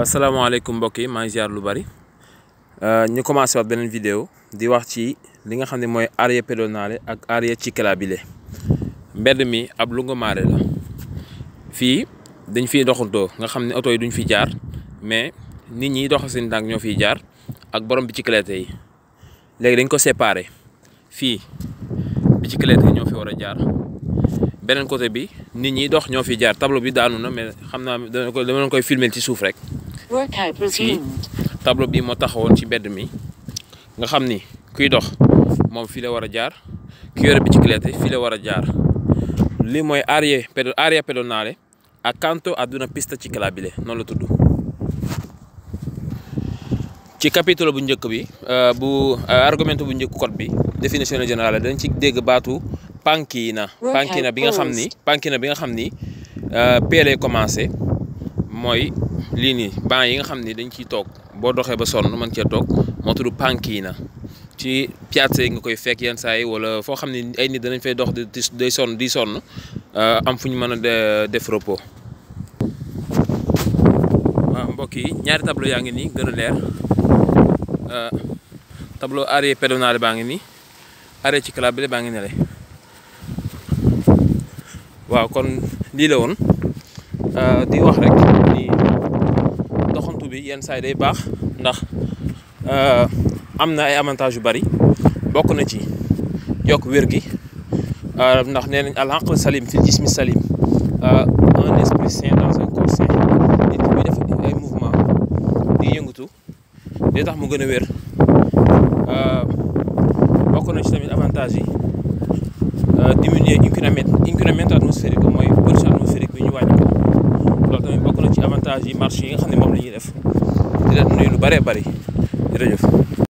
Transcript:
asalaamaaleykum mbokk yi maa ngi lu bari euh, ñu commencé waat beneen vidéo di wax ci li nga xam ne mooy area pedonale ak area ciclabile mbedd mi ab lungomare la fii dañ fiy doxantoo nga xam ne oto yi duñ fi jaar mais nit ñi dox seen tànk ñoo fiy jaar ak borom bicyclette yi léegi dañ ko séparer fii bicyclette yi ñoo fi war a jaar beneen côté bi nit ñi dox ñoo fi jaar tableau bi daanu na mais xam naa dama leen koy filmer ci suuf rek. fii tableau bi moo taxawoon ci mbedd mi nga xam ni kuy dox moom fii la war a jaar ki yore bicyclette fii la war a jaar lii mooy aree pedo ak pedonale accanto ad ci pista ciclabile noonu la tudd ci capitale bu njëkk bi euh, bu euh, argument bu njëkk code bi définition générale dañ ci dégg baatu pankina pankina bi nga xam ni pankina bi nga xam ni euh, P commencé mooy lii nii banc yi nga xam ne dañ ciy toog boo doxee ba sonn mën cee toog moo tudd pankina ci piazza yi nga koy fekk yenn saa yi wala foo xam ne ay nit danañ fay dox di day sonn di sonn euh, am fu ñu mën a def repos. waaw mbokk yi ñaari tableau yaa ngi nii gën a leer euh, tableau arrêt pédonal baa ngi nii arrêt ci club baa ngi ne le waaw kon lii la woon euh, di wax rek yenn saay day baax ndax euh, am na ay avantages yu bari bokk na ci yokk wér gi euh, ndax nee nañ al aql salim fil jismi salim euh, un esprit sain dans un corps sain nit muy def ay mouvement di yëngatu day tax mu gën a wér bokk na ci tamit avantage yi diminuer incunamètre incunamètre atmosphérique mooy pollution atmosphérique bi ñu wàññi loolu tamit bokk na ci avantage yi marché la ñuy def di leen nuyu lu bëree bëri jërëjëf